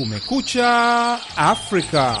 Kumekucha Afrika.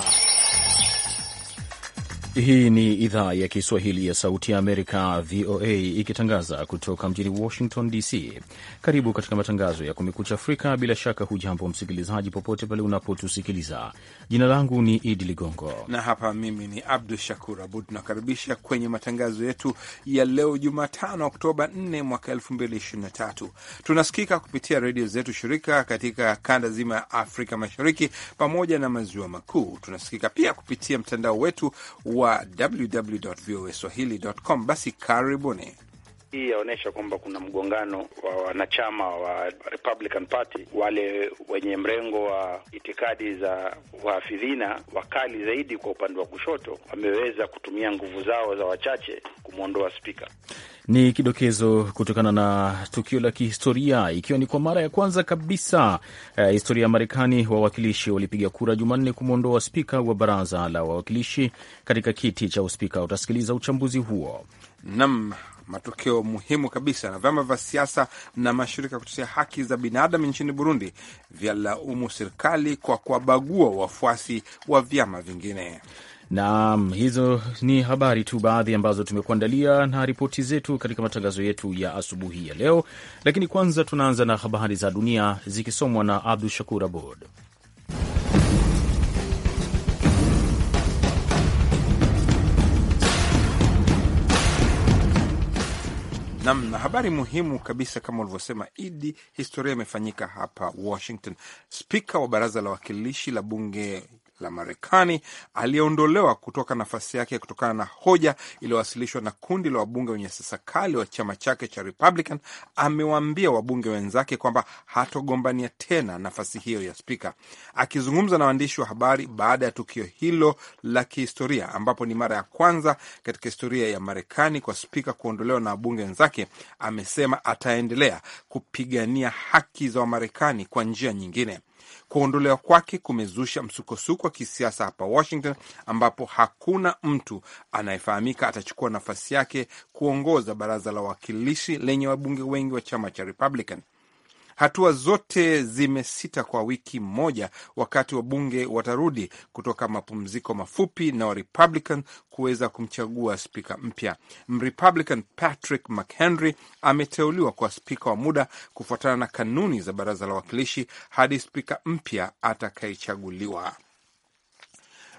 Hii ni idhaa ya Kiswahili ya Sauti ya Amerika, VOA, ikitangaza kutoka mjini Washington DC. Karibu katika matangazo ya Kumekucha Afrika. Bila shaka, hujambo msikilizaji, popote pale unapotusikiliza. Jina langu ni Idi Ligongo na hapa mimi ni Abdu Shakur Abud. Tunakaribisha kwenye matangazo yetu ya leo Jumatano, Oktoba 4 mwaka 2023. Tunasikika kupitia redio zetu shirika katika kanda zima ya Afrika Mashariki pamoja na Maziwa Makuu. Tunasikika pia kupitia mtandao wetu wa wa www voa swahili com. Basi karibuni. Hii yaonyesha kwamba kuna mgongano wa wanachama wa Republican Party, wale wenye mrengo wa itikadi za wahafidhina wakali zaidi kwa upande wa kushoto, wameweza kutumia nguvu zao za wachache kumwondoa spika. Ni kidokezo kutokana na tukio la kihistoria, ikiwa ni kwa mara ya kwanza kabisa eh, historia ya Marekani, wawakilishi walipiga kura Jumanne kumwondoa spika wa baraza la wawakilishi katika kiti cha uspika. Utasikiliza uchambuzi huo nam matokeo muhimu kabisa, na vyama vya siasa na mashirika ya kutetea haki za binadamu nchini Burundi vyalaumu serikali kwa kuwabagua wafuasi wa vyama vingine. Naam, hizo ni habari tu baadhi ambazo tumekuandalia na ripoti zetu katika matangazo yetu ya asubuhi ya leo, lakini kwanza tunaanza na habari za dunia zikisomwa na Abdu Shakur Abod. Nam na habari muhimu kabisa kama ulivyosema Idi, historia imefanyika hapa Washington. Spika wa baraza la wakilishi la bunge la Marekani aliyeondolewa kutoka nafasi yake kutokana na hoja iliyowasilishwa na kundi la wabunge wenye siasa kali wa chama chake cha Republican, amewaambia wabunge wenzake kwamba hatogombania tena nafasi hiyo ya spika. Akizungumza na waandishi wa habari baada ya tukio hilo la kihistoria, ambapo ni mara ya kwanza katika historia ya Marekani kwa spika kuondolewa na wabunge wenzake, amesema ataendelea kupigania haki za Wamarekani kwa njia nyingine. Kuondolewa kwake kumezusha msukosuko wa kisiasa hapa Washington, ambapo hakuna mtu anayefahamika atachukua nafasi yake kuongoza baraza la wawakilishi lenye wabunge wengi wa chama cha Republican. Hatua zote zimesita kwa wiki moja, wakati wa bunge watarudi kutoka mapumziko mafupi na Warepublican kuweza kumchagua spika mpya. Mrepublican Patrick McHenry ameteuliwa kwa spika wa muda kufuatana na kanuni za baraza la wawakilishi hadi spika mpya atakayechaguliwa.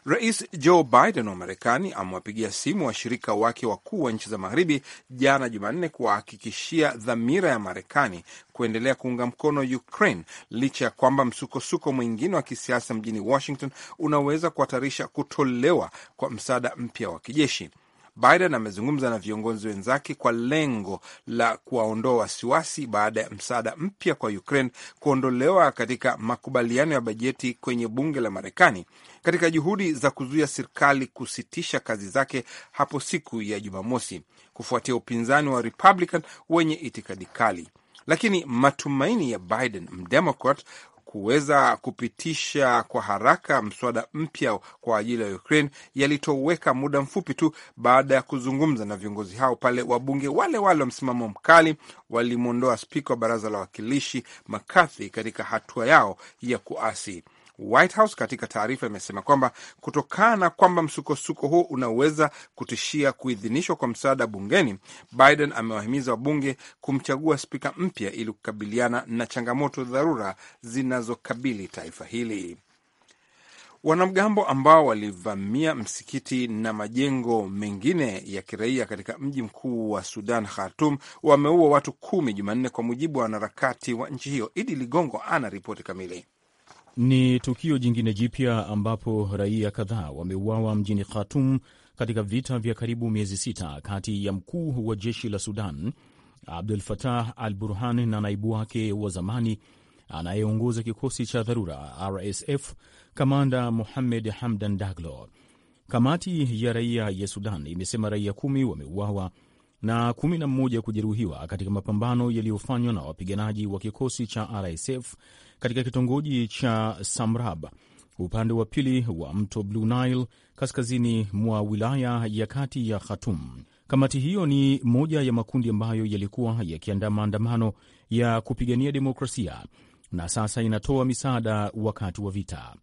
Rais Joe Biden wa Marekani amewapigia simu washirika wake wakuu wa nchi za magharibi jana Jumanne kuwahakikishia dhamira ya Marekani kuendelea kuunga mkono Ukraine licha ya kwamba msukosuko mwingine wa kisiasa mjini Washington unaweza kuhatarisha kutolewa kwa msaada mpya wa kijeshi. Biden amezungumza na viongozi wenzake kwa lengo la kuwaondoa wasiwasi baada ya msaada mpya kwa Ukraine kuondolewa katika makubaliano ya bajeti kwenye bunge la Marekani katika juhudi za kuzuia serikali kusitisha kazi zake hapo siku ya Jumamosi kufuatia upinzani wa Republican wenye itikadi kali. Lakini matumaini ya Biden mdemokrat kuweza kupitisha kwa haraka mswada mpya kwa ajili ya Ukraine yalitoweka muda mfupi tu baada ya kuzungumza na viongozi hao pale wabunge wale wale wa msimamo mkali walimwondoa spika wa baraza la wawakilishi McCarthy katika hatua yao ya kuasi. White House katika taarifa imesema kwamba kutokana na kwamba msukosuko huo unaweza kutishia kuidhinishwa kwa msaada bungeni, Biden amewahimiza wabunge kumchagua spika mpya ili kukabiliana na changamoto dharura zinazokabili taifa hili. Wanamgambo ambao walivamia msikiti na majengo mengine ya kiraia katika mji mkuu wa Sudan, Khartum, wameua watu kumi Jumanne, kwa mujibu wa wanaharakati wa nchi hiyo. Idi Ligongo ana ripoti kamili. Ni tukio jingine jipya ambapo raia kadhaa wameuawa mjini Khartoum katika vita vya karibu miezi sita kati ya mkuu wa jeshi la Sudan Abdul Fatah al Burhan na naibu wake wa zamani anayeongoza kikosi cha dharura RSF, kamanda muhammed Hamdan Daglo. Kamati ya raia ya Sudan imesema raia kumi wameuawa na kumi na mmoja kujeruhiwa katika mapambano yaliyofanywa na wapiganaji wa kikosi cha RSF katika kitongoji cha Samrab upande wa pili wa mto Blue Nile kaskazini mwa wilaya ya kati ya Khatum. Kamati hiyo ni moja ya makundi ambayo yalikuwa yakiandaa maandamano ya kupigania demokrasia na sasa inatoa misaada wakati wa vita.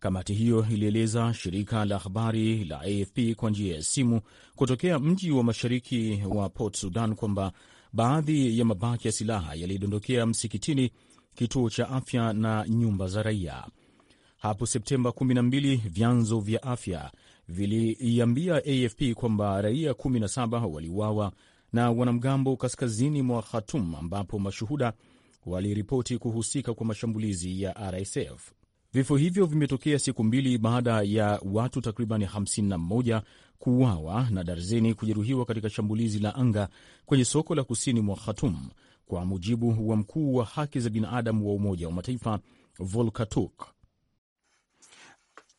Kamati hiyo ilieleza shirika la habari la AFP kwa njia ya simu kutokea mji wa mashariki wa Port Sudan kwamba baadhi ya mabaki ya silaha yalidondokea msikitini, kituo cha afya na nyumba za raia. Hapo Septemba 12 vyanzo vya afya viliiambia AFP kwamba raia 17 waliuawa na wanamgambo kaskazini mwa Khartoum, ambapo mashuhuda waliripoti kuhusika kwa mashambulizi ya RSF. Vifo hivyo vimetokea siku mbili baada ya watu takribani 51 kuuawa na darzeni kujeruhiwa katika shambulizi la anga kwenye soko la kusini mwa Khartoum, kwa mujibu wa mkuu wa haki za binadamu wa Umoja wa Mataifa Volker Turk.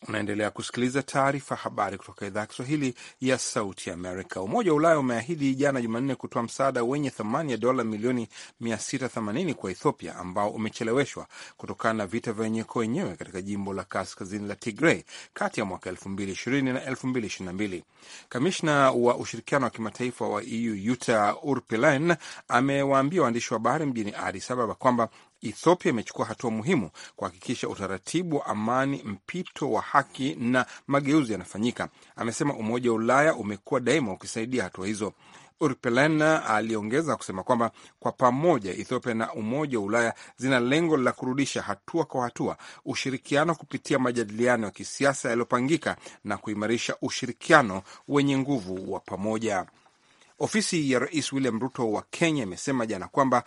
Unaendelea kusikiliza taarifa habari kutoka idhaa ya Kiswahili ya Sauti Amerika. Umoja wa Ulaya umeahidi jana Jumanne kutoa msaada wenye thamani ya dola milioni 680 kwa Ethiopia ambao umecheleweshwa kutokana na vita vya wenyewe kwa wenyewe katika jimbo la kaskazini la tigrei kati ya mwaka 2020 na 2022. Kamishna wa ushirikiano wa kimataifa wa EU Yuta Urpilainen amewaambia waandishi wa habari mjini adis Ababa kwamba Ethiopia imechukua hatua muhimu kuhakikisha utaratibu wa amani, mpito wa haki na mageuzi yanafanyika, amesema. Umoja wa Ulaya umekuwa daima ukisaidia hatua hizo. Urpelena aliongeza kusema kwamba kwa pamoja Ethiopia na Umoja wa Ulaya zina lengo la kurudisha hatua kwa hatua ushirikiano kupitia majadiliano ya kisiasa yaliyopangika na kuimarisha ushirikiano wenye nguvu wa pamoja. Ofisi ya Rais William Ruto wa Kenya imesema jana kwamba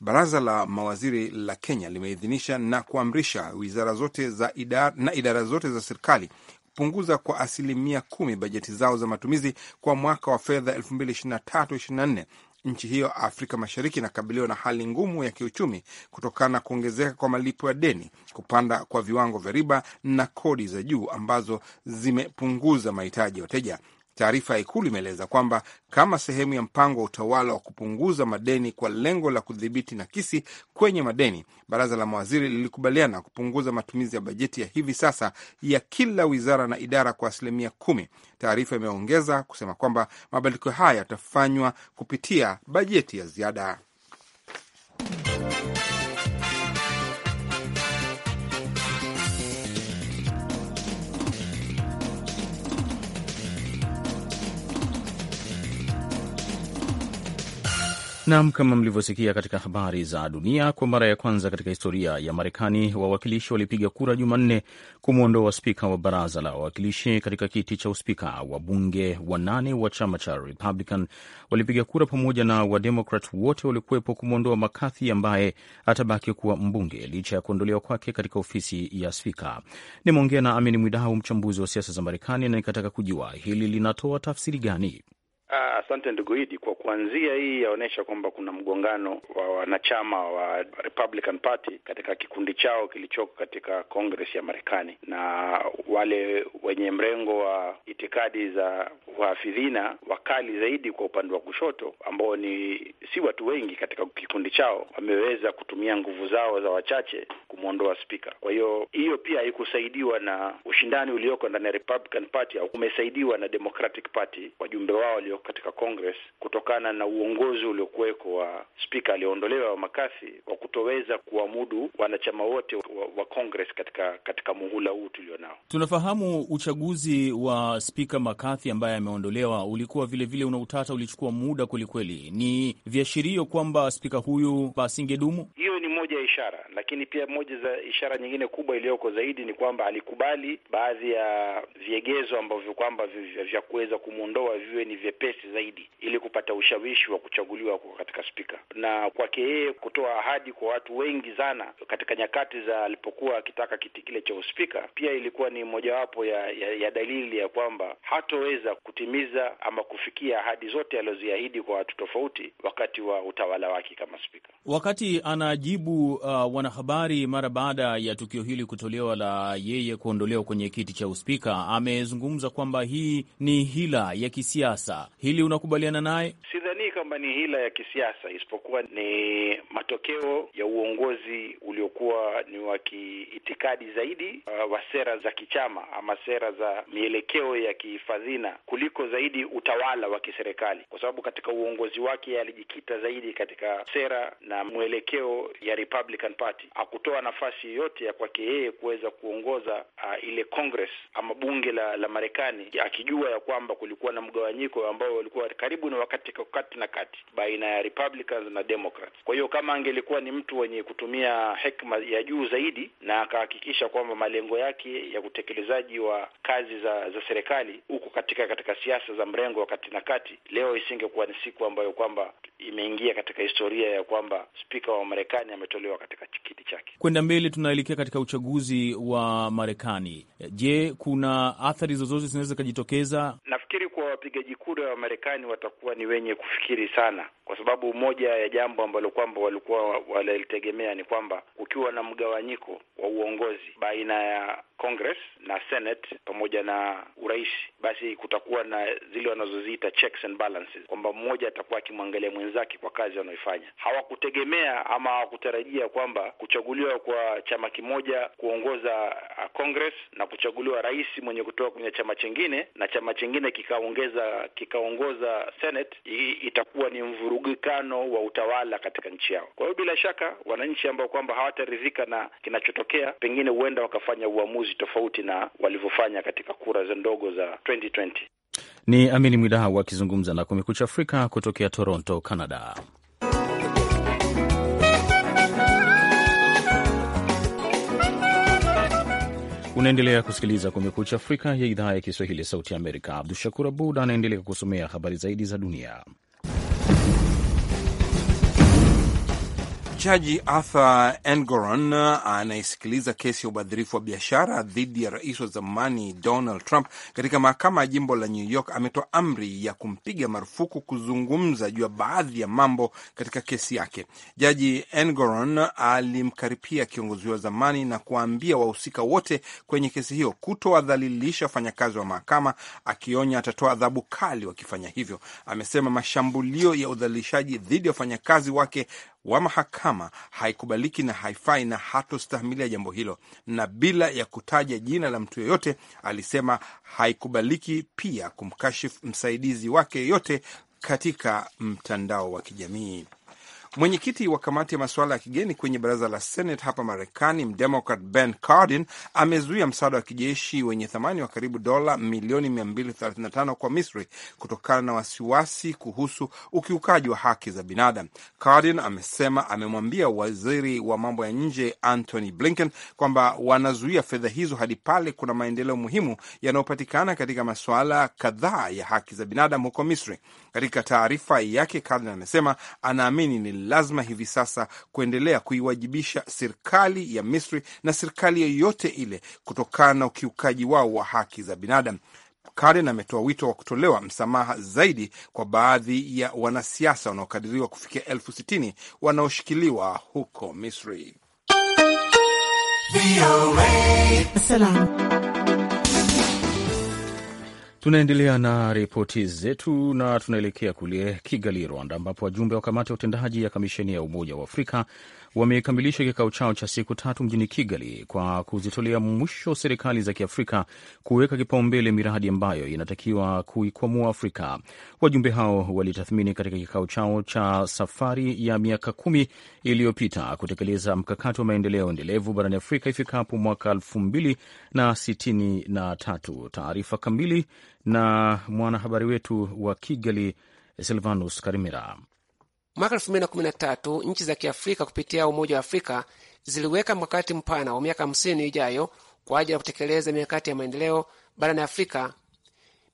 Baraza la mawaziri la Kenya limeidhinisha na kuamrisha wizara zote za idara, na idara zote za serikali kupunguza kwa asilimia kumi bajeti zao za matumizi kwa mwaka wa fedha 2023/24. Nchi hiyo Afrika Mashariki inakabiliwa na hali ngumu ya kiuchumi kutokana na kuongezeka kwa malipo ya deni, kupanda kwa viwango vya riba na kodi za juu ambazo zimepunguza mahitaji ya wateja. Taarifa ya Ikulu imeeleza kwamba kama sehemu ya mpango wa utawala wa kupunguza madeni kwa lengo la kudhibiti nakisi kwenye madeni, baraza la mawaziri lilikubaliana kupunguza matumizi ya bajeti ya hivi sasa ya kila wizara na idara kwa asilimia kumi. Taarifa imeongeza kusema kwamba mabadiliko haya yatafanywa kupitia bajeti ya ziada. Nam, kama mlivyosikia katika habari za dunia, kwa mara ya kwanza katika historia ya Marekani wawakilishi walipiga kura Jumanne kumwondoa spika wa baraza la wawakilishi katika kiti cha uspika. Wabunge wanane wa chama cha Republican walipiga kura pamoja na Wademokrat wote waliokuwepo kumwondoa McCarthy ambaye atabaki kuwa mbunge licha ya kuondolewa kwake katika ofisi ya spika. Nimeongea na Amin Mwidau, mchambuzi wa siasa za Marekani, na nikataka kujua hili linatoa tafsiri gani. Ah, asante ndugu Idi, kwa kuanzia hii yaonyesha kwamba kuna mgongano wa wanachama wa Republican Party katika kikundi chao kilichoko katika Congress ya Marekani, na wale wenye mrengo wa itikadi za uhafidhina wakali zaidi kwa upande wa kushoto, ambao ni si watu wengi katika kikundi chao, wameweza kutumia nguvu zao za wachache kumwondoa spika. Kwa hiyo hiyo pia haikusaidiwa na ushindani ulioko ndani ya Republican Party, au umesaidiwa na Democratic Party, wajumbe wao walio katika Congress kutokana na uongozi uliokuweko wa spika aliyoondolewa wa makasi wa kutoweza kuamudu wanachama wote wa, wa Congress katika katika muhula huu tulionao. Tunafahamu uchaguzi wa spika makathi ambaye ameondolewa ulikuwa vilevile unautata una utata, ulichukua muda kwelikweli. Ni viashirio kwamba spika huyu basi hiyo moja ya ishara, lakini pia moja za ishara nyingine kubwa iliyoko zaidi ni kwamba alikubali baadhi ya viegezo ambavyo kwamba vya kuweza kumwondoa viwe ni vyepesi zaidi, ili kupata ushawishi wa kuchaguliwa katika spika, na kwake yeye kutoa ahadi kwa watu wengi sana katika nyakati za alipokuwa akitaka kiti kile cha uspika, pia ilikuwa ni mojawapo ya, ya, ya dalili ya kwamba hatoweza kutimiza ama kufikia ahadi zote alizoziahidi kwa watu tofauti wakati wa utawala wake kama spika, wakati anajibu uh, wanahabari mara baada ya tukio hili kutolewa la yeye kuondolewa kwenye kiti cha uspika, amezungumza kwamba hii ni hila ya kisiasa. Hili unakubaliana naye? sidhani kwamba ni hila ya kisiasa, isipokuwa ni matokeo ya uongozi uliokuwa ni wa kiitikadi zaidi, uh, wa sera za kichama ama sera za mielekeo ya kifadhina kuliko zaidi utawala wa kiserikali, kwa sababu katika uongozi wake alijikita zaidi katika sera na mwelekeo ya Republican Party. Hakutoa nafasi yoyote ya kwake yeye kuweza kuongoza uh, ile Congress ama bunge la, la Marekani akijua ya kwamba kulikuwa na mgawanyiko ambao walikuwa karibu na wakati katikati na kati baina ya Republicans na Democrats. Kwa hiyo kama angelikuwa ni mtu wenye kutumia hekima ya juu zaidi na akahakikisha kwamba malengo yake ya utekelezaji wa kazi za za serikali huko katika katika siasa za mrengo wa kati na kati, leo isingekuwa ni siku ambayo kwamba imeingia katika historia ya kwamba spika wa Marekani ametolewa katika kiti chake. Kwenda mbele, tunaelekea katika uchaguzi wa Marekani. Je, kuna athari zozote zinaweza zikajitokeza? Nafikiri kuwa wapigaji kura wa Marekani watakuwa ni wenye kufikiri sana, kwa sababu moja ya jambo ambalo kwamba walikuwa walilitegemea ni kwamba kukiwa na mgawanyiko wa uongozi baina ya Congress na Senate pamoja na urais, basi kutakuwa na zile wanazoziita checks and balances, kwamba mmoja atakuwa akimwangalia mwenzake kwa kazi wanaoifanya. Hawakutegemea ama hawakutarajia kwamba kuchaguliwa kwa chama kimoja kuongoza uh, Congress na kuchaguliwa rais mwenye kutoka kwenye chama chingine na chama chingine kikao kikaongeza kikaongoza Senate, itakuwa ni mvurugikano wa utawala katika nchi yao. Kwa hiyo bila shaka wananchi ambao kwamba hawataridhika na kinachotokea, pengine huenda wakafanya uamuzi tofauti na walivyofanya katika kura za ndogo za 2020. Ni Amini Mwidau akizungumza na Kumekucha Afrika kutokea Toronto, Canada. Unaendelea kusikiliza Kumekucha Afrika ya idhaa ya Kiswahili ya Sauti ya Amerika. Abdu Shakur Abud anaendelea kusomea habari zaidi za dunia. Jaji Arthur Engoron anayesikiliza kesi ya ubadhirifu wa biashara dhidi ya rais wa zamani Donald Trump katika mahakama ya jimbo la New York ametoa amri ya kumpiga marufuku kuzungumza juu ya baadhi ya mambo katika kesi yake. Jaji Engoron alimkaripia kiongozi wa zamani na kuwaambia wahusika wote kwenye kesi hiyo kutowadhalilisha wafanyakazi wa mahakama, akionya atatoa adhabu kali wakifanya hivyo. Amesema mashambulio ya udhalilishaji dhidi ya wafanyakazi wake wa mahakama haikubaliki na haifai na hatostahimilia jambo hilo, na bila ya kutaja jina la mtu yoyote, alisema haikubaliki pia kumkashifu msaidizi wake yoyote katika mtandao wa kijamii. Mwenyekiti wa kamati ya masuala ya kigeni kwenye baraza la Senate hapa Marekani, Mdemocrat Ben Cardin amezuia msaada wa kijeshi wenye thamani wa karibu dola milioni 235 kwa Misri kutokana na wasiwasi kuhusu ukiukaji wa haki za binadamu. Cardin amesema amemwambia waziri wa mambo ya nje Antony Blinken kwamba wanazuia fedha hizo hadi pale kuna maendeleo muhimu yanayopatikana katika masuala kadhaa ya haki za binadamu huko Misri. Katika taarifa yake, Cardin amesema anaamini ni lazima hivi sasa kuendelea kuiwajibisha serikali ya Misri na serikali yoyote ile kutokana na ukiukaji wao wa haki za binadamu. Karen ametoa wito wa kutolewa msamaha zaidi kwa baadhi ya wanasiasa wanaokadiriwa kufikia elfu sitini wanaoshikiliwa huko Misri. Tunaendelea na ripoti zetu na tunaelekea kule Kigali, Rwanda, ambapo wajumbe wa kamati ya utendaji ya kamisheni ya Umoja wa Afrika wamekamilisha kikao chao cha siku tatu mjini Kigali kwa kuzitolea mwisho serikali za Kiafrika kuweka kipaumbele miradi ambayo inatakiwa kuikwamua Afrika. Wajumbe hao walitathmini katika kikao chao cha safari ya miaka kumi iliyopita kutekeleza mkakati wa maendeleo endelevu barani Afrika ifikapo mwaka elfu mbili na sitini na tatu. Taarifa kamili na mwanahabari wetu wa Kigali Silvanus Karimera. Mwaka 2013 nchi za Kiafrika kupitia Umoja wa Afrika ziliweka mkakati mpana wa miaka 50 ijayo kwa ajili ya kutekeleza mikakati ya maendeleo barani Afrika.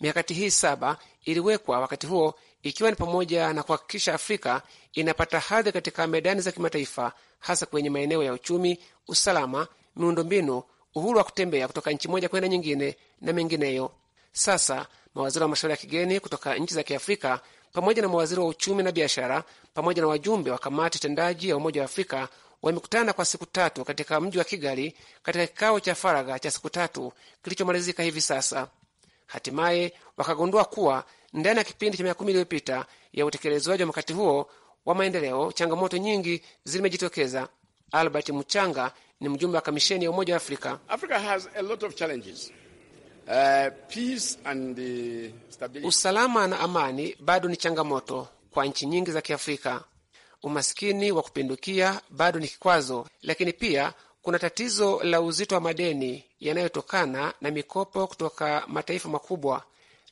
Mikakati hii saba iliwekwa wakati huo ikiwa ni pamoja na kuhakikisha Afrika inapata hadhi katika medani za kimataifa, hasa kwenye maeneo ya uchumi, usalama, miundombinu, uhuru wa kutembea kutoka nchi moja kwenda nyingine na mengineyo. Sasa mawaziri wa mashauri ya kigeni kutoka nchi za Kiafrika pamoja na mawaziri wa uchumi na biashara pamoja na wajumbe wa kamati tendaji ya Umoja wa Afrika wamekutana kwa siku tatu katika mji wa Kigali katika kikao cha faragha cha siku tatu kilichomalizika hivi sasa. Hatimaye wakagundua kuwa ndani ya kipindi cha miaka kumi iliyopita ya utekelezwaji wa mkakati huo wa maendeleo, changamoto nyingi zimejitokeza. Albert Muchanga ni mjumbe wa kamisheni ya Umoja wa Afrika. Africa has a lot of challenges. Uh, peace and stability. Usalama na amani bado ni changamoto kwa nchi nyingi za Kiafrika. umasikini wa kupindukia bado ni kikwazo, lakini pia kuna tatizo la uzito wa madeni yanayotokana na mikopo kutoka mataifa makubwa,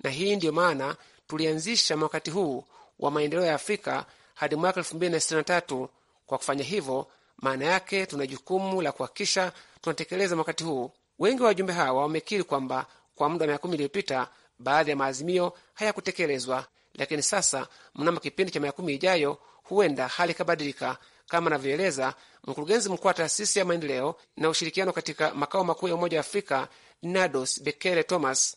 na hii ndiyo maana tulianzisha mwakati huu wa maendeleo ya Afrika hadi mwaka 2063. Kwa kufanya hivyo, maana yake tuna jukumu la kuhakikisha tunatekeleza mwakati huu. Wengi wa wajumbe hawa wamekiri kwamba kwa muda wa miaka kumi iliyopita, baadhi ya maazimio hayakutekelezwa, lakini sasa mnamo kipindi cha miaka kumi ijayo huenda hali ikabadilika, kama anavyoeleza mkurugenzi mkuu wa taasisi ya maendeleo na ushirikiano katika makao makuu ya Umoja wa Afrika Nados Bekele Thomas.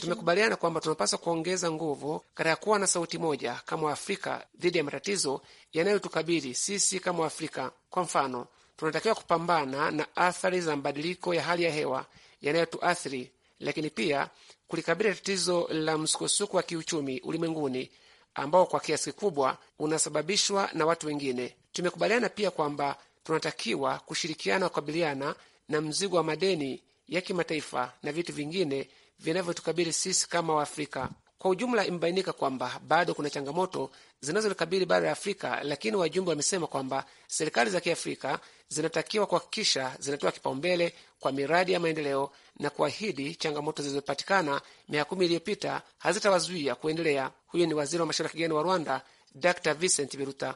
Tumekubaliana kwamba tunapaswa kuongeza nguvu katika kuwa na sauti moja kama Waafrika dhidi ya matatizo yanayotukabili sisi kama Waafrika. Kwa mfano, tunatakiwa kupambana na athari za mabadiliko ya hali ya hewa yanayotuathiri, lakini pia kulikabili tatizo la msukosuko wa kiuchumi ulimwenguni ambao kwa kiasi kikubwa unasababishwa na watu wengine. Tumekubaliana pia kwamba tunatakiwa kushirikiana kukabiliana na mzigo wa madeni ya kimataifa na vitu vingine vinavyotukabili sisi kama Waafrika kwa ujumla. Imebainika kwamba bado kuna changamoto zinazolikabili bara la Afrika, lakini wajumbe wamesema kwamba serikali za Kiafrika zinatakiwa kuhakikisha zinatoa kipaumbele kwa miradi ya maendeleo na kuahidi changamoto zilizopatikana miaka kumi iliyopita hazitawazuia kuendelea. Huyo ni waziri wa mashauri ya kigeni wa Rwanda, Dr Vincent Biruta.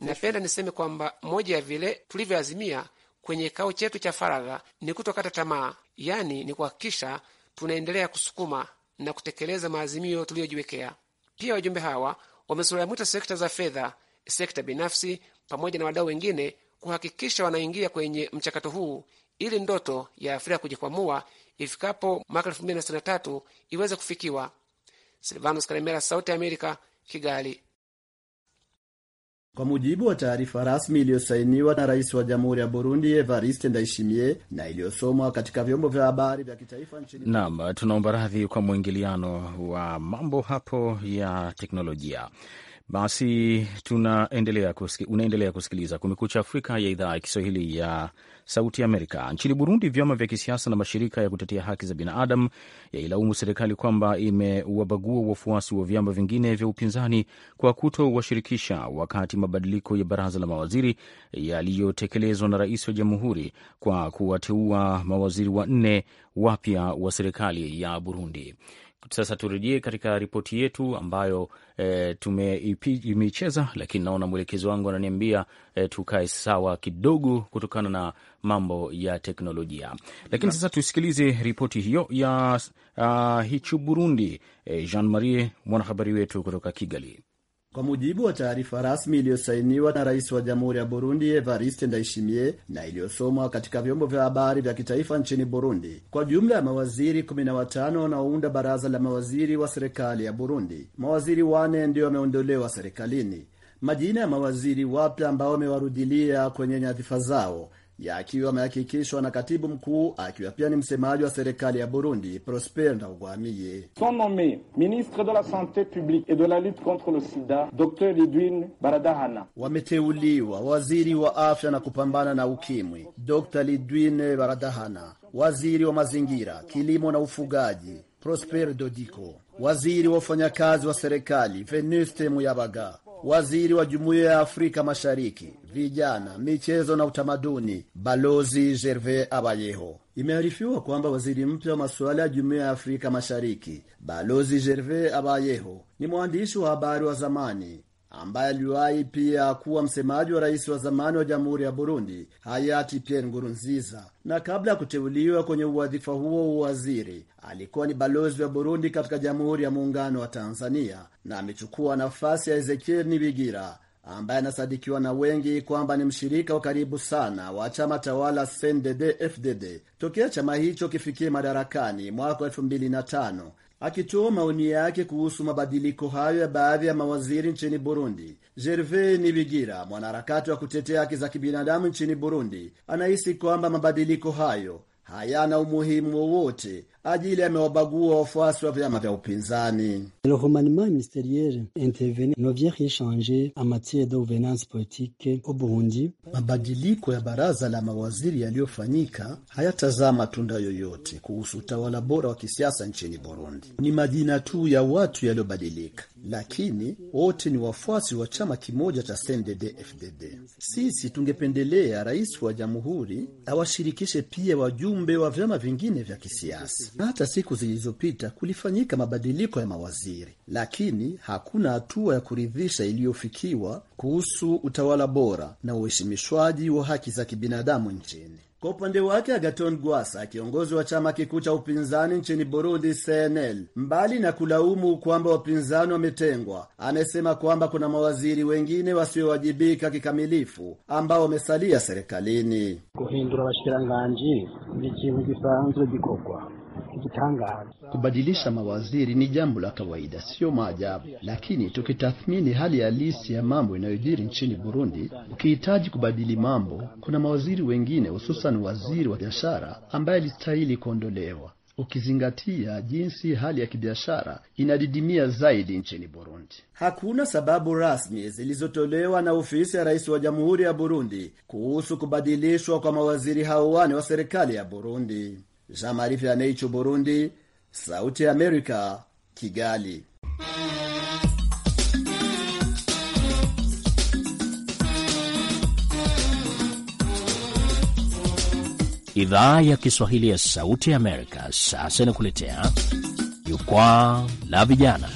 Napenda niseme kwamba moja ya vile tulivyoazimia kwenye kikao chetu cha faragha ni kutokata tamaa, yaani ni kuhakikisha tunaendelea kusukuma na kutekeleza maazimio tuliyojiwekea. Pia wajumbe hawa wamesuramita sekta za fedha sekta binafsi pamoja na wadau wengine kuhakikisha wanaingia kwenye mchakato huu ili ndoto ya Afrika kujikwamua ifikapo mwaka tatu iweze kufikiwa. Silvanus Karemera, Sauti ya Amerika, Kigali. Kwa mujibu wa taarifa rasmi iliyosainiwa na rais wa jamhuri ya Burundi Evariste Ndayishimiye na iliyosomwa katika vyombo vya habari vya kitaifa nchini. Naam, tunaomba radhi kwa mwingiliano wa mambo hapo ya teknolojia. Basi tunaendelea kusiki, unaendelea kusikiliza Kumekucha Afrika ya idhaa ya Kiswahili ya Sauti Amerika. Nchini Burundi, vyama vya kisiasa na mashirika ya kutetea haki za binadamu yailaumu serikali kwamba imewabagua wafuasi wa vyama vingine vya upinzani kwa kutowashirikisha wakati mabadiliko ya baraza la mawaziri yaliyotekelezwa na rais wa jamhuri kwa kuwateua mawaziri wanne wapya wa serikali ya Burundi. Sasa turejee katika ripoti yetu ambayo e, eh, tumeicheza, lakini naona mwelekezi wangu ananiambia e, tukae sawa kidogo kutokana na mambo ya teknolojia. Lakini sasa tusikilize ripoti hiyo ya uh, hichu Burundi. E, eh, Jean Marie, mwanahabari wetu kutoka Kigali. Kwa mujibu wa taarifa rasmi iliyosainiwa na rais wa jamhuri ya Burundi Evariste Ndayishimiye na iliyosomwa katika vyombo vya habari vya kitaifa nchini Burundi, kwa jumla ya mawaziri 15 wanaounda baraza la mawaziri wa serikali ya Burundi, mawaziri wane ndio wameondolewa serikalini. Majina ya mawaziri wapya ambao wamewarudilia kwenye nyadhifa zao yakiwa amehakikishwa na katibu mkuu akiwa pia ni msemaji wa serikali ya Burundi, Prosper Ndawugwamiye. Son nomme ministre de la sante publique et de la lutte contre le sida Dr Baradahana. Wameteuliwa waziri wa afya na kupambana na ukimwi Dr lidwine Baradahana, waziri wa mazingira, kilimo na ufugaji Prosper Dodiko, waziri wa ufanyakazi wa serikali Venuste Muyabaga, waziri wa Jumuiya ya Afrika Mashariki, vijana, michezo na utamaduni, Balozi Gervais Abayeho. Imearifiwa kwamba waziri mpya wa masuala ya Jumuiya ya Afrika Mashariki, Balozi Gervais Abayeho, ni mwandishi wa habari wa zamani ambaye aliwahi pia kuwa msemaji wa rais wa zamani wa jamhuri ya Burundi hayati Pierre ngurunziza na kabla ya kuteuliwa kwenye uwadhifa huo uwaziri, alikuwa ni balozi wa Burundi katika jamhuri ya muungano wa Tanzania, na amechukua nafasi ya Ezekiel Nibigira ambaye anasadikiwa na wengi kwamba ni mshirika wa karibu sana wa chama tawala CNDD-FDD tokea chama hicho kifikie madarakani mwaka 2005 Akitoa maoni yake kuhusu mabadiliko hayo ya baadhi ya mawaziri nchini Burundi, Gervais Nibigira, mwanaharakati wa kutetea haki za kibinadamu nchini Burundi, anahisi kwamba mabadiliko hayo hayana umuhimu wowote, ajili amewabagua wafuasi wa vyama vya upinzani. Le remaniement ministeriel intervenu ne vient de gouvernance politique Mabadiliko ya baraza la mawaziri yaliyofanyika hayatazaa matunda yoyote kuhusu utawala bora wa kisiasa nchini Burundi. Ni majina tu ya watu yaliyobadilika lakini wote ni wafuasi wa chama kimoja cha CNDD-FDD. Sisi tungependelea rais wa jamhuri awashirikishe pia wajumbe wa vyama vingine vya kisiasa. Hata siku zilizopita kulifanyika mabadiliko ya mawaziri, lakini hakuna hatua ya kuridhisha iliyofikiwa kuhusu utawala bora na uheshimishwaji wa haki za kibinadamu nchini. Kwa upande wake Agaton Gwasa, kiongozi wa chama kikuu cha upinzani nchini Burundi, CNL, mbali na kulaumu kwamba wapinzani wametengwa, amesema kwamba kuna mawaziri wengine wasiowajibika kikamilifu ambao wamesalia serikalini. Kuhindura washikiranganji ni ikintu kisanzwe gikogwa kijitangaza. Kubadilisha mawaziri ni jambo la kawaida, sio maajabu. Lakini tukitathmini hali halisi ya mambo inayojiri nchini Burundi, ukihitaji kubadili mambo, kuna mawaziri wengine, hususan waziri wa biashara, ambaye alistahili kuondolewa, ukizingatia jinsi hali ya kibiashara inadidimia zaidi nchini Burundi. Hakuna sababu rasmi zilizotolewa na ofisi ya rais wa jamhuri ya Burundi kuhusu kubadilishwa kwa mawaziri hao wane wa serikali ya Burundi. Jean Marie Vianney Ichu, Burundi. Sauti ya Amerika, Kigali. Idhaa ya Kiswahili ya Sauti ya Amerika sasa inakuletea Jukwaa la Vijana.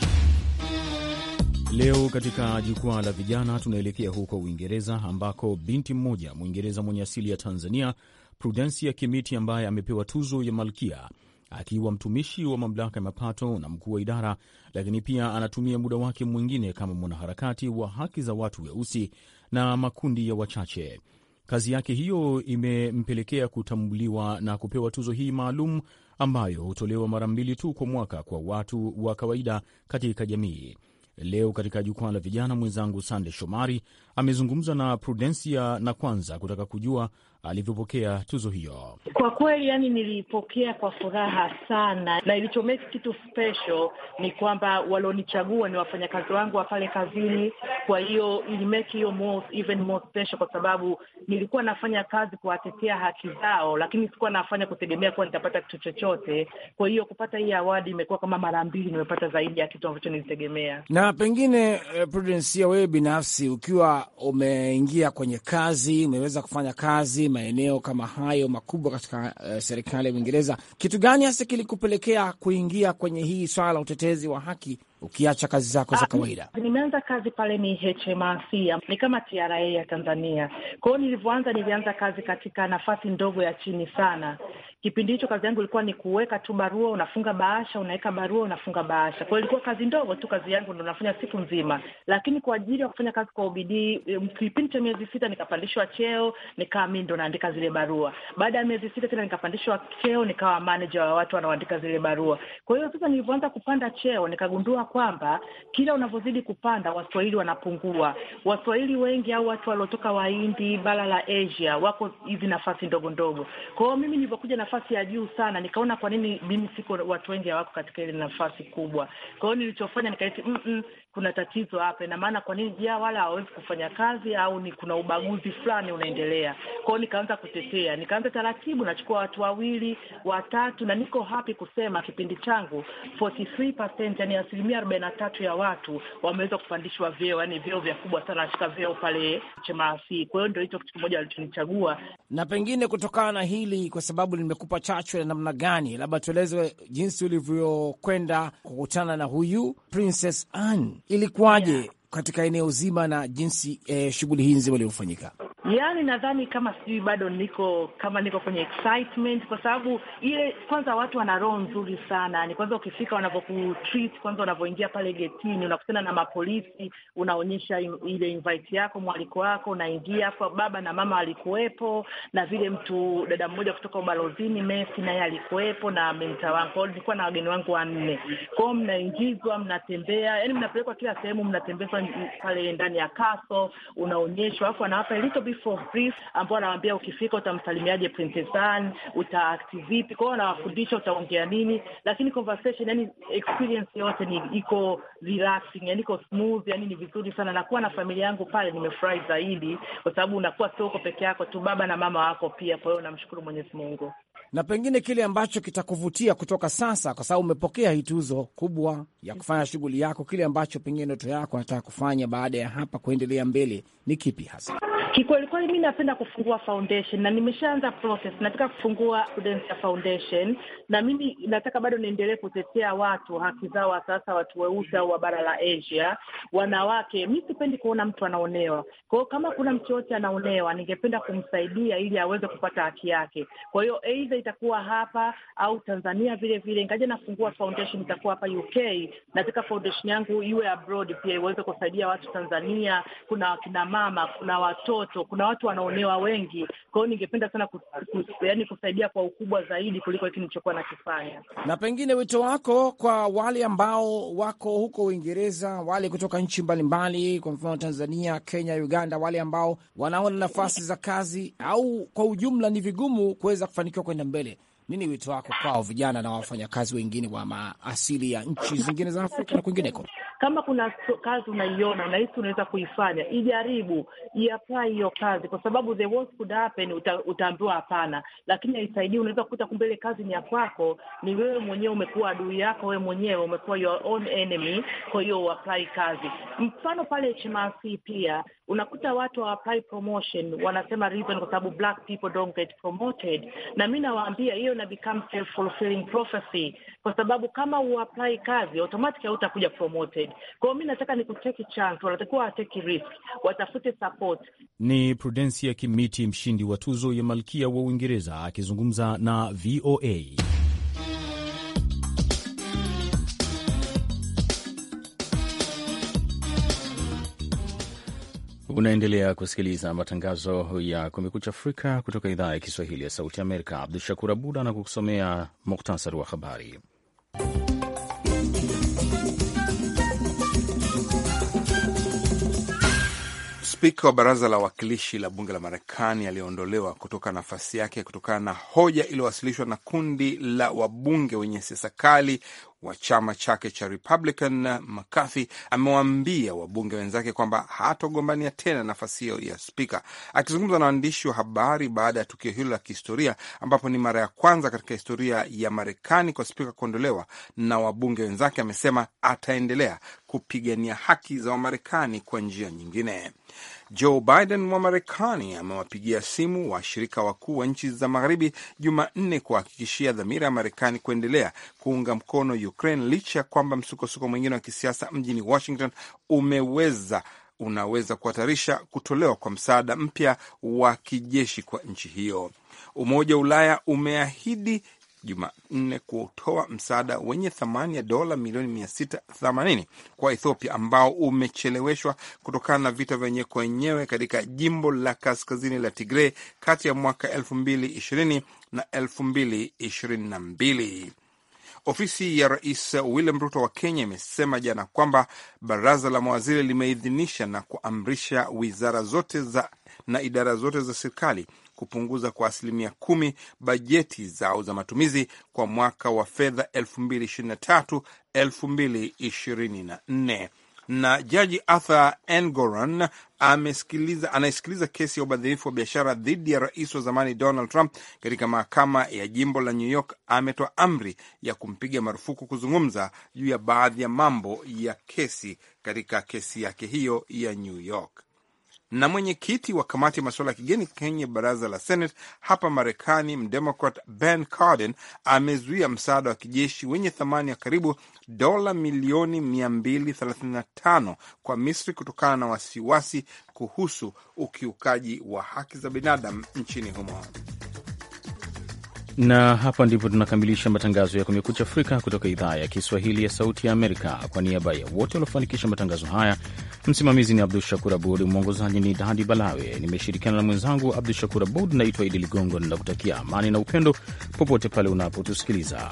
Leo katika Jukwaa la Vijana tunaelekea huko Uingereza, ambako binti mmoja Mwingereza mwenye asili ya Tanzania Prudensia Kimiti ambaye amepewa tuzo ya Malkia akiwa mtumishi wa mamlaka ya mapato na mkuu wa idara, lakini pia anatumia muda wake mwingine kama mwanaharakati wa haki za watu weusi na makundi ya wachache. Kazi yake hiyo imempelekea kutambuliwa na kupewa tuzo hii maalum ambayo hutolewa mara mbili tu kwa mwaka kwa watu wa kawaida katika jamii. Leo katika jukwaa la vijana, mwenzangu Sande Shomari amezungumza na Prudensia na kwanza kutaka kujua alivyopokea tuzo hiyo. Kwa kweli, yani nilipokea kwa furaha sana, na ilichomeki kitu special ni kwamba walionichagua ni wafanyakazi wangu wa pale kazini. Kwa hiyo ilimeki hiyo more, even more special, kwa sababu nilikuwa nafanya kazi kuwatetea haki zao, lakini sikuwa nafanya kutegemea kuwa nitapata kitu chochote. Kwa hiyo kupata hii awadi imekuwa kama mara mbili, nimepata zaidi ya kitu ambacho nilitegemea. Na pengine eh, Prudensia, wewe binafsi ukiwa umeingia kwenye kazi, umeweza kufanya kazi maeneo kama hayo makubwa katika uh, serikali ya Uingereza. Kitu gani hasa kilikupelekea kuingia kwenye hii swala la utetezi wa haki ukiacha kazi zako za ah, kawaida? Nimeanza kazi pale ni HMRC, ni kama TRA ya Tanzania. Kwa hiyo nilivyoanza, nilianza kazi katika nafasi ndogo ya chini sana. Kipindi hicho kazi yangu ilikuwa ni kuweka tu barua, unafunga bahasha, unaweka barua, unafunga bahasha. Kwa hiyo ilikuwa kazi ndogo tu, kazi yangu ndo nafanya siku nzima, lakini kwa ajili ya kufanya kazi kwa ubidii, kipindi cha miezi sita nikapandishwa cheo, nikawa mi ndo naandika zile barua. Baada ya miezi sita tena nikapandishwa cheo, nikawa manager wa watu wanaoandika zile barua. Kwa hiyo sasa nilivyoanza kupanda cheo nikagundua kwamba kila unavyozidi kupanda Waswahili wanapungua. Waswahili wengi au watu waliotoka Wahindi, bara la Asia wako hizi nafasi ndogo ndogo. Kwa hiyo mimi nilivyokuja nafasi ya juu sana, nikaona kwa nini mimi siko, watu wengi hawako katika ile nafasi kubwa. Kwa hiyo nilichofanya nikaiti mm -mm, kuna tatizo hapa. Ina maana kwa nini jia wala hawawezi kufanya kazi au ni kuna ubaguzi fulani unaendelea? Kwa hiyo nikaanza kutetea, nikaanza taratibu, nachukua watu wawili watatu, na niko happy kusema kipindi changu 43%, yani asilimia arobaini na tatu ya watu wameweza kupandishwa vyeo, yani vyeo kubwa sana katika vyeo pale Chemaasi. Kwa hiyo ndio hicho kitu kimoja walichonichagua. Na pengine kutokana na hili, kwa sababu limekupa chachu ya namna gani, labda tuelezwe jinsi ulivyokwenda kukutana na huyu Princess Anne, ilikuwaje? Yeah katika eneo zima na jinsi eh, shughuli hii nzima iliyofanyika. Yaani nadhani kama sijui bado niko kama niko kwenye excitement, kwa sababu ile kwanza, watu wana roho nzuri sana. Ni kwanza ukifika wanavyokutreat, kwanza unavyoingia pale getini, unakutana na mapolisi, unaonyesha ile invite yako, mwaliko wako, unaingia hapo, baba na mama alikuwepo, na vile mtu dada mmoja kutoka ubalozini Messi naye alikuwepo na mentor wangu, kwao nilikuwa na wageni wangu wanne. Kwao mnaingizwa, mnatembea, yaani mnapelekwa kila sehemu, mnatembezwa pale ndani ya castle, unaonyeshwa, alafu anawapa free for ambao anawaambia ukifika utamsalimiaje Princess Anne, utaakti vipi. kwao anawafundisha utaongea nini, lakini conversation, yani experience yote ni iko relaxing, yani iko smooth, yani ni vizuri sana. Nakuwa na familia yangu pale, nimefurahi zaidi, kwa sababu unakuwa soko peke yako tu, baba na mama wako pia. Kwa hiyo namshukuru Mwenyezi Mungu na pengine kile ambacho kitakuvutia kutoka sasa, kwa sababu umepokea hii tuzo kubwa ya kufanya shughuli yako, kile ambacho pengine ndoto yako anataka kufanya baada ya hapa kuendelea mbele ni kipi hasa? Kikweli kweli, mi napenda kufungua foundation na nimeshaanza process. Nataka kufungua ya Foundation na mimi nataka bado niendelee kutetea watu haki zao, wa sasa watu weusi au wa bara la Asia, wanawake. Mi sipendi kuona mtu anaonewa. Kwa hiyo kama kuna mtu yoyote anaonewa, ningependa kumsaidia ili aweze kupata haki yake. Kwa hiyo aidha itakuwa hapa au Tanzania vile vile, ngaja nafungua foundation itakuwa hapa UK. Nataka foundation yangu iwe abroad pia iweze kusaidia watu Tanzania. Kuna wakina mama, kuna watoto, kuna watu wanaonewa wengi. Kwa hiyo ningependa sana kus, kus, yani kusaidia kwa ukubwa zaidi kuliko hiki nilichokuwa nakifanya. Na pengine wito wako kwa wale ambao wako huko Uingereza, wale kutoka nchi mbalimbali, kwa mfano Tanzania, Kenya, Uganda, wale ambao wanaona nafasi za kazi au kwa ujumla ni vigumu kuweza kufanikiwa kwenda mbele Nini wito wako kwao vijana na wafanyakazi wengine wa maasili ya nchi zingine za Afrika na kwingineko? Kama kuna kazi unaiona unahisi unaweza kuifanya, ijaribu, iapply hiyo kazi, kwa sababu the worst could happen, utaambiwa hapana, lakini haisaidii. Unaweza kukuta kumbe ile kazi ni ya kwako, ni wewe mwenyewe umekuwa adui yako, wewe mwenyewe umekuwa your own enemy. Kwa hiyo uapply kazi, mfano pale HMRC pia unakuta watu wa apply promotion wanasema reason kwa sababu black people don't get promoted, na mi nawaambia hiyo ina become self fulfilling prophecy, kwa sababu kama uapply kazi automatic hautakuja promoted. Kwa hiyo mi nataka ni kutake chance, wanatakiwa wateki risk, watafute support. Ni Prudensia Kimiti, mshindi wa tuzo ya Malkia wa Uingereza akizungumza na VOA. Unaendelea kusikiliza matangazo ya Kumekucha Afrika kutoka idhaa ya Kiswahili ya Sauti Amerika. Abdu Shakur Abud anakusomea muktasari wa habari. Spika wa baraza la wakilishi la bunge la Marekani aliyeondolewa kutoka nafasi yake kutokana na hoja iliyowasilishwa na kundi la wabunge wenye siasa kali wa chama chake cha Republican McCarthy amewaambia wabunge wenzake kwamba hatogombania tena nafasi hiyo ya spika. Akizungumza na waandishi wa habari baada ya tukio hilo la kihistoria, ambapo ni mara ya kwanza katika historia ya Marekani kwa spika kuondolewa na wabunge wenzake, amesema ataendelea kupigania haki za Wamarekani kwa njia nyingine. Joe Biden wa Marekani amewapigia simu washirika wakuu wa nchi za magharibi Jumanne kuhakikishia dhamira ya Marekani kuendelea kuunga mkono Ukraine licha ya kwamba msukosuko mwingine wa kisiasa mjini Washington umeweza unaweza kuhatarisha kutolewa kwa msaada mpya wa kijeshi kwa nchi hiyo. Umoja wa Ulaya umeahidi Jumanne kutoa msaada wenye thamani ya dola milioni 680 kwa Ethiopia ambao umecheleweshwa kutokana na vita vyenyewe kwenyewe katika jimbo la kaskazini la Tigray kati ya mwaka 2020 na 2022. Ofisi ya Rais William Ruto wa Kenya imesema jana kwamba baraza la mawaziri limeidhinisha na kuamrisha wizara zote za na idara zote za serikali kupunguza kwa asilimia kumi bajeti zao za matumizi kwa mwaka wa fedha 2023 2024 na Jaji Arthur Engoron amesikiliza anayesikiliza kesi ya ubadhirifu wa biashara dhidi ya rais wa zamani Donald Trump katika mahakama ya jimbo la New York ametoa amri ya kumpiga marufuku kuzungumza juu ya baadhi ya mambo ya kesi katika kesi yake hiyo ya New York na mwenyekiti wa kamati ya masuala ya kigeni kwenye baraza la Senate hapa Marekani, mdemokrat Ben Cardin amezuia msaada wa kijeshi wenye thamani ya karibu dola milioni 235 kwa Misri kutokana na wasiwasi kuhusu ukiukaji wa haki za binadamu nchini humo. Na hapa ndipo tunakamilisha matangazo ya Kumekucha Afrika kutoka idhaa ya Kiswahili ya Sauti ya Amerika. Kwa niaba ya wote waliofanikisha matangazo haya Msimamizi ni Abdu Shakur Abud, mwongozaji ni Dadi Balawe. Nimeshirikiana na mwenzangu Abdu Shakur Abud. Naitwa Idi Ligongo, ninakutakia amani na upendo popote pale unapotusikiliza.